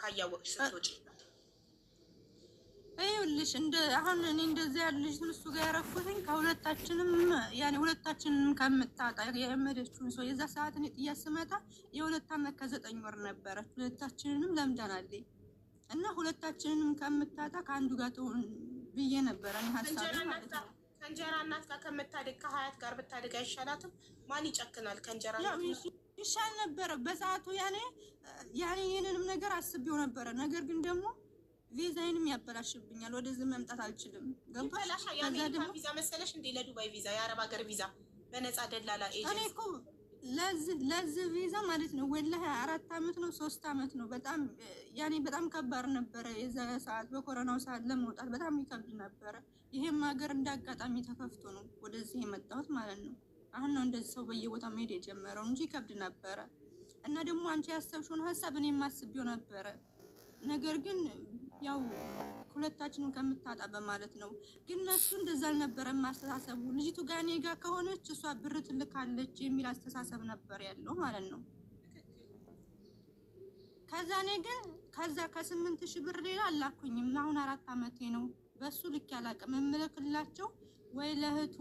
ለካ እያወቅሽ ስትወጪ ይኸውልሽ እንደ አሁን እኔ እንደዚህ ያለ ልጅ እሱ ጋር ያረኩትኝ ከሁለታችንም ያኔ ሁለታችንም ከምታጣ የመደችውን ሰው የዛ ሰዓት እኔ ጥያት ስመጣ የሁለት ዓመት ከዘጠኝ ወር ነበረ። ሁለታችንንም ለምዳናለኝ እና ሁለታችንንም ከምታጣ ከአንዱ ጋር ትሆን ብዬ ነበረ እኔ ሀሳብ ከእንጀራ እናት ጋር ከምታድግ ከሀያት ጋር ብታድግ አይሻላትም? ማን ይጨክናል ከእንጀራ እናት ይሻል ነበረ በሰዓቱ። ያኔ ያኔ ይህንንም ነገር አስቤው ነበረ። ነገር ግን ደግሞ ቪዛይንም ያበላሽብኛል። ወደዚህ መምጣት አልችልም። ገብቶሻል? ቪዛ መሰለሽ እንዴ ለዱባይ ቪዛ፣ የአረብ ሀገር ቪዛ በነፃ ደላላ እኔ እኮ ለዚህ ቪዛ ማለት ነው ወላሂ አራት አመት ነው ሶስት አመት ነው። በጣም ያኔ በጣም ከባድ ነበረ። የዛ ሰዓት በኮሮናው ሰዓት ለመውጣት በጣም ይከብድ ነበረ። ይሄም ሀገር እንዳጋጣሚ ተከፍቶ ነው ወደዚህ የመጣሁት ማለት ነው። አሁን ነው እንደዚህ ሰው በየቦታ መሄድ የጀመረው እንጂ ከብድ ነበረ። እና ደግሞ አንቺ ያሰብሽውን ሀሳብ እኔ የማስቢው ነበረ። ነገር ግን ያው ሁለታችንም ከምታጣ በማለት ነው። ግን እነሱ እንደዛ አልነበረም አስተሳሰቡ። ልጅቱ ጋር እኔ ጋር ከሆነች እሷ ብር ትልካለች የሚል አስተሳሰብ ነበር ያለው ማለት ነው። ከዛ እኔ ግን ከዛ ከስምንት ሺህ ብር ሌላ አላኩኝም። አሁን አራት አመቴ ነው። በሱ ልክ ያላቅም የምልክላቸው ወይ ለእህቱ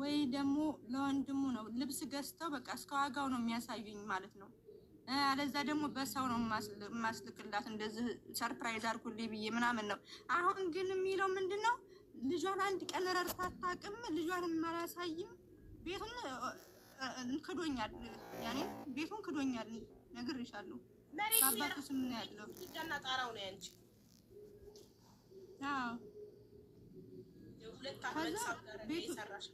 ወይ ደግሞ ለወንድሙ ነው ልብስ ገዝተው በቃ እስከ ዋጋው ነው የሚያሳዩኝ ማለት ነው። አለዛ ደግሞ በሰው ነው የማስልክላት እንደዚህ ሰርፕራይዝ አድርጉልኝ ብዬ ምናምን ነው። አሁን ግን የሚለው ምንድን ነው ልጇን አንድ ቀን ረድታ አታውቅም። ልጇን የማላሳይም ቤቱን ክዶኛል፣ ያኔ ቤቱን ክዶኛል። ነግሬሻለሁ። አባቱ ስም ነው ያለው እና ጣራው ነው ያንቺ ሁለት ሰራሽ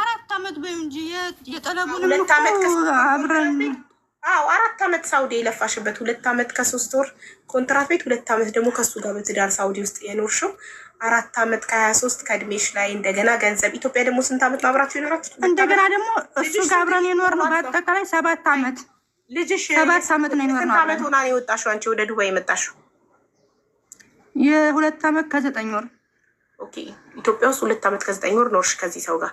አራት አመት በይው እንጂ የጠለቡን አብረን አዎ አራት አመት ሳውዲ የለፋሽበት ሁለት አመት ከሶስት ወር ኮንትራት ቤት ሁለት አመት ደግሞ ከሱ ጋር በትዳር ሳውዲ ውስጥ የኖርሽው አራት አመት ከሀያ ሶስት ከእድሜሽ ላይ እንደገና ገንዘብ ኢትዮጵያ ደግሞ ስንት አመት ማብራት የኖራችሁ እንደገና ደግሞ እሱ ጋር አብረን የኖርነው በአጠቃላይ ሰባት አመት ልጅሽ ሰባት አመት ነው የኖርነው። ስንት አመት ሆና የወጣሽው አንቺ ወደ ዱባይ የመጣሽው? የሁለት አመት ከዘጠኝ ወር ኦኬ ኢትዮጵያ ውስጥ ሁለት ዓመት ከዘጠኝ ወር ኖርሽ ከዚህ ሰው ጋር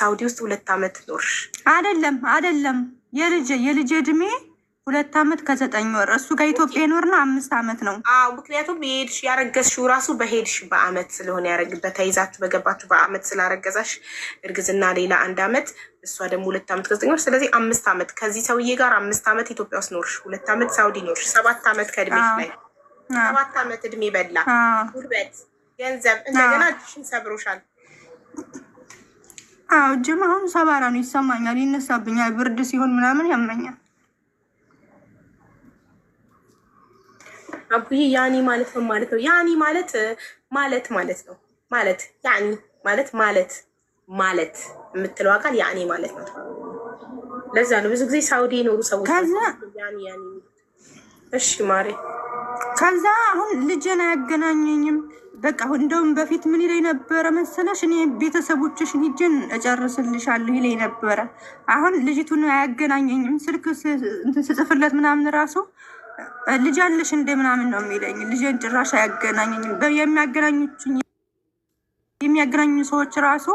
ሳውዲ ውስጥ ሁለት ዓመት ኖርሽ። አይደለም አይደለም፣ የልጅ የልጅ እድሜ ሁለት ዓመት ከዘጠኝ ወር እሱ ጋር ኢትዮጵያ የኖርነው አምስት ዓመት ነው። አዎ ምክንያቱም የሄድሽ ያረገዝሽው ራሱ በሄድሽ በአመት ስለሆነ ያረግ በተይዛችሁ በገባችሁ በአመት ስላረገዛሽ እርግዝና ሌላ አንድ ዓመት እሷ ደግሞ ሁለት ዓመት ከዘጠኝ ወር ስለዚህ አምስት ዓመት ከዚህ ሰውዬ ጋር አምስት ዓመት ኢትዮጵያ ውስጥ ኖርሽ፣ ሁለት ዓመት ሳውዲ ኖርሽ፣ ሰባት ዓመት ከእድሜሽ ላይ ሰባት ዓመት እድሜ በላ ጉልበት ገንዘብ እንደገና እጅሽን ሰብሮሻል። አዎ እጅም አሁን ሰባራ ነው ይሰማኛል፣ ይነሳብኛል። ብርድ ሲሆን ምናምን ያመኛል። አቡዬ ያኒ ማለት ነው ማለት ነው ያኒ ማለት ማለት ማለት ነው ማለት ያኒ ማለት ማለት ማለት የምትለው ቃል ያኒ ማለት ነው። ለዛ ነው ብዙ ጊዜ ሳውዲ የኖሩ ሰዎች ያኒ ያኒ። እሺ ማሬ ከዛ አሁን ልጄን አያገናኘኝም። በቃ እንደውም በፊት ምን ይለኝ ነበረ መሰለሽ፣ እኔ ቤተሰቦችሽን ሂጄን እጨርስልሻለሁ ይለኝ ነበረ። አሁን ልጅቱን አያገናኘኝም። ስልክ ስጽፍለት ምናምን ራሱ ልጅ አለሽ እንደ ምናምን ነው የሚለኝ። ልጅን ጭራሽ አያገናኘኝም። የሚያገናኙችኝ የሚያገናኙ ሰዎች ራሱ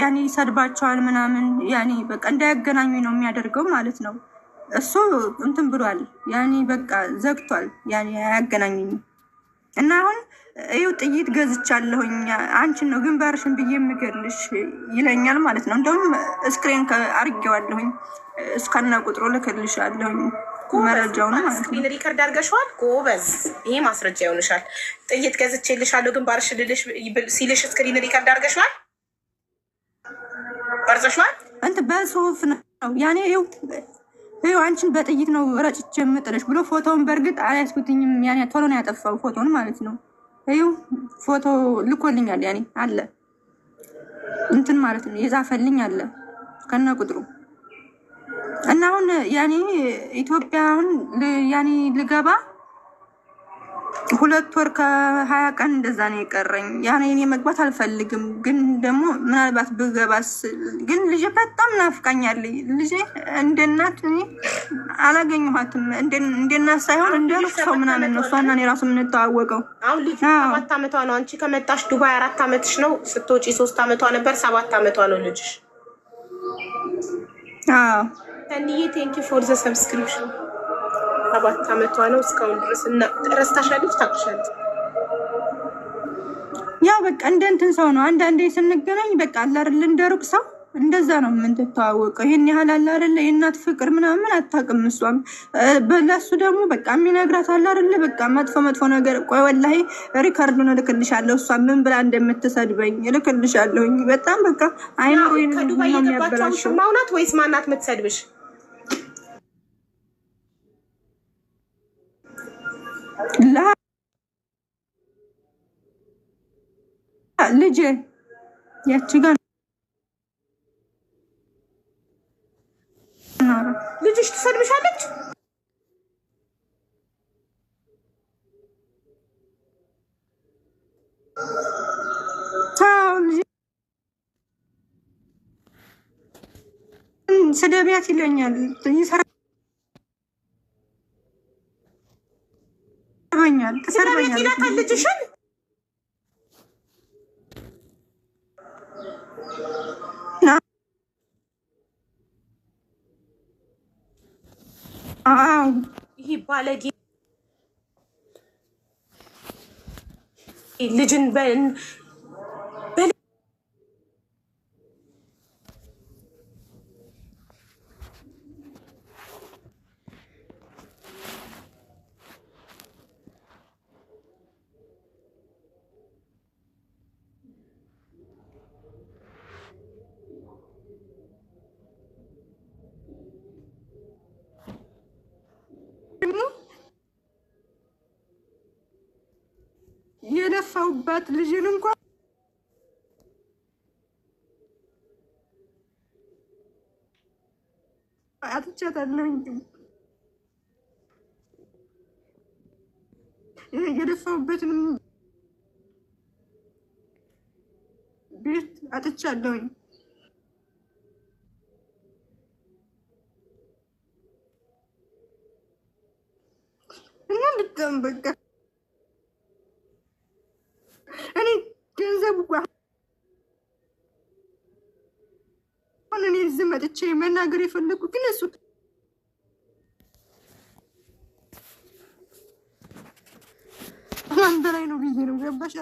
ያኔ ይሰድባቸዋል ምናምን፣ ያኔ በቃ እንዳያገናኙ ነው የሚያደርገው ማለት ነው። እሱ እንትን ብሏል። ያኔ በቃ ዘግቷል። ያኔ አያገናኘኝም እና አሁን ይኸው ጥይት ገዝቻለሁኝ አንቺን ነው ግንባርሽን ብዬ የምገልሽ ይለኛል ማለት ነው። እንደውም እስክሬን አርጌዋለሁኝ እስካና ቁጥሩ ልክልሻለሁኝ መረጃውን ማለት ነው። ሪከርድ አርገሸዋል። ጎበዝ፣ ይሄ ማስረጃ ይሆንሻል። ጥይት ገዝቼ ልሻለሁ ግንባርሽ ሲልሽ እስክሪን ሪከርድ አርገሸዋል፣ ቀርጸሸዋል። እንትን በጽሁፍ ነው ያኔ ይኸው አንቺን በጥይት ነው ረጭቼ የምጥለሽ ብሎ ፎቶውን በእርግጥ አያስኩትኝም ያኔ ቶሎ ነው ያጠፋው ፎቶውን ማለት ነው። ይኸው ፎቶ ልኮልኛል። ያኔ አለ እንትን ማለት ነው የዛፈልኝ አለ ከነ ቁጥሩ እና አሁን ያኔ ኢትዮጵያ አሁን ያኔ ልገባ ሁለት ወር ከሀያ ቀን እንደዛ ነው የቀረኝ። ያኔ እኔ መግባት አልፈልግም፣ ግን ደግሞ ምናልባት ብገባስ ግን ልጄ በጣም ናፍቃኛለች። ልጄ እንደ እናት አላገኘኋትም። እንደ እናት ሳይሆን እንደ ሰው ምናምን ነው እሷና እኔ ራሱ የምንተዋወቀው። አሁን ልጅ ሰባት ዓመቷ ነው። አንቺ ከመጣሽ ዱባይ አራት አመትሽ ነው። ስትወጪ ሶስት አመቷ ነበር። ሰባት አመቷ ነው ልጅሽ። ተንዬ ቴንኪ ፎር ዘ ሰብስክሪፕሽን ሰባት ዓመቷ ነው እስካሁን ድረስ እና ረስታሻለች፣ ታቅሻለች። ያው በቃ እንደ እንትን ሰው ነው። አንዳንዴ ስንገናኝ በቃ አላርል እንደሩቅ ሰው እንደዛ ነው የምንትተዋወቀው። ይህን ያህል አላርል የእናት ፍቅር ምናምን አታውቅም። እሷም ለሱ ደግሞ በቃ የሚነግራት አላርል በቃ መጥፎ መጥፎ ነገር። ቆይ ወላሂ ሪከርዱን እልክልሻለሁ። እሷ ምን ብላ እንደምትሰድበኝ እልክልሻለሁኝ። በጣም በቃ አይምሮ ነው የሚያበላሸው። ማውናት ወይስ ማናት የምትሰድብሽ? Lece. Ya çıkar. Lece işte sen müşahmet. ሰደቢያት ይለኛል ይሰርበኛል ተሰርበኛል ልጅሽን ይሄ ባለጌ ልጅን ኖሩበት ልጅን እንኳን አትቻታለሁኝ የደፋሁበትን ቤት አጥቻለሁኝ። እና በጣም በቃ ፈጥቼ መናገር የፈለጉ ግን እሱ ከማን በላይ ነው ብዬ ነው። ገባሽ?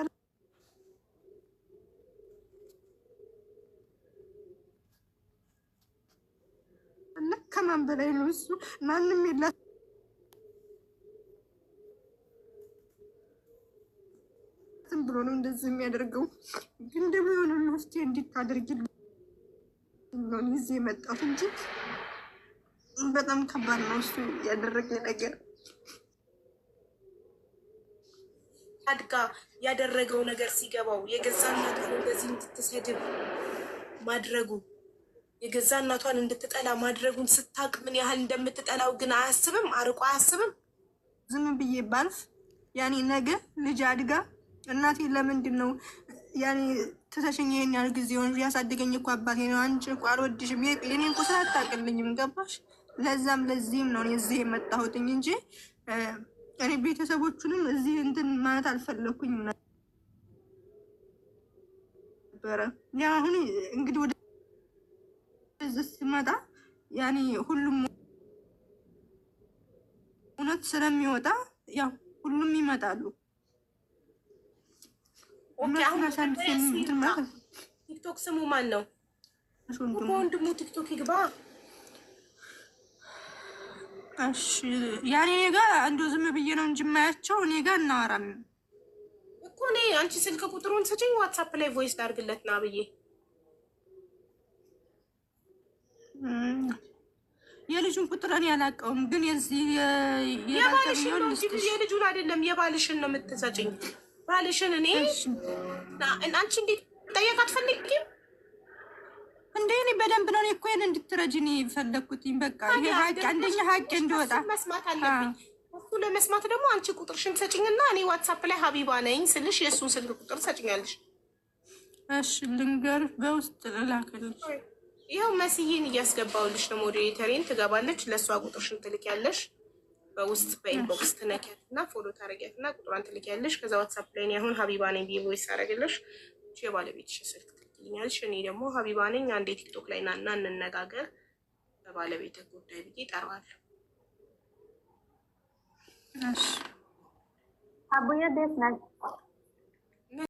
እና ከማን በላይ ነው እሱ ማንም የላት ብሎ ነው እንደዚህ የሚያደርገው። ግን ደግሞ የሆነ መፍትሄ እንዲታደርግል እንደሆነ ጊዜ የመጣሁት እንጂ በጣም ከባድ ነው እሱ ያደረገ ነገር አድጋ ያደረገው ነገር ሲገባው የገዛ እናቷን እንደዚህ እንድትሰድብ ማድረጉ የገዛ እናቷን እንድትጠላ ማድረጉን ስታውቅ ምን ያህል እንደምትጠላው ግን አያስብም፣ አርቆ አያስብም። ዝም ብዬ ባልፍ ያኔ ነገ ልጅ አድጋ እናቴ ለምንድን ነው ያኔ ትተሽኝ ይሄን ያህል ጊዜውን ያሳደገኝ እኮ አባቴ ነው። አንቺ እኮ አልወድሽም። የኔን እኮ ስራ ገባሽ? ለዛም ለዚህም ነው እኔ እዚህ የመጣሁትኝ እንጂ እኔ ቤተሰቦቹንም እዚህ እንትን ማለት አልፈለኩኝ ነበረ። ያ አሁን እንግዲህ ወደ እዚህ ስመጣ ያኔ ሁሉም እውነት ስለሚወጣ ያው ሁሉም ይመጣሉ። ቲክቶክ ስሙ ማን ነው? ወንድሙ ቲክቶክ ይግባ። እሺ ያኔ እኔ ጋር እንደው ዝም ብዬ ነው እንጂ የማያቸው እኔ ጋር እናወራም እኮ እኔ። አንቺ ስልክ ቁጥሩን ስጪኝ፣ ዋትሳፕ ላይ ቮይስ ላድርግለት ና ብዬ የልጁን ቁጥር እኔ አላውቀውም፣ ግን የባልሽን ነው የልጁን አይደለም የባልሽን ነው የምትሰጪኝ ባልሽን እኔ አንቺ እንዲጠየቅ አትፈልጊም እንዴ? እኔ በደንብ ነው። እኔ እኮ ይሄን እንድትረጅን የፈለግኩትኝ በቃ ይሄ ሀቅ አንደኛ ሀቅ እንደወጣ መስማት አለብኝ። እሱ ለመስማት ደግሞ አንቺ ቁጥርሽን ትሰጭኝና እኔ ዋትሳፕ ላይ ሀቢባ ነኝ ስልሽ የእሱን ስልክ ቁጥር ትሰጭኛለሽ። እሺ ልንገር፣ በውስጥ ልላክልሽ። ይኸው መስዬን እያስገባውልሽ ነው። ሞዴሬተሬን ትገባለች፣ ለእሷ ቁጥርሽን ያለሽ በውስጥ በኢንቦክስ ትነኪያለሽ። ፎሎ ታደረጊያት እና ቁጥሯን ትልኪያለሽ። ከዛ ዋትሳፕ ላይ አሁን ሀቢባ ነኝ ብዬ ቮይስ ታደረግለሽ የባለቤትሽ ስልክ ትልክልኛለሽ። እኔ ደግሞ ሀቢባ ነኝ አንዴ ቲክቶክ ላይ ና ናና እንነጋገር በባለቤት ጉዳይ ብዬ እጠራዋለሁ። አቡዬ ቤት ነኝ።